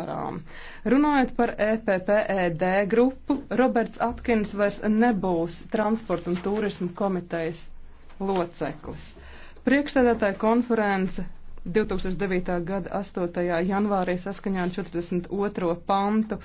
partnerām. Runājot par EPPED grupu, Roberts Atkins vairs nebūs transporta un turismu komitejas loceklis. Priekšsēdētāja konference 2009. gada 8. janvārī saskaņā ar 42. pantu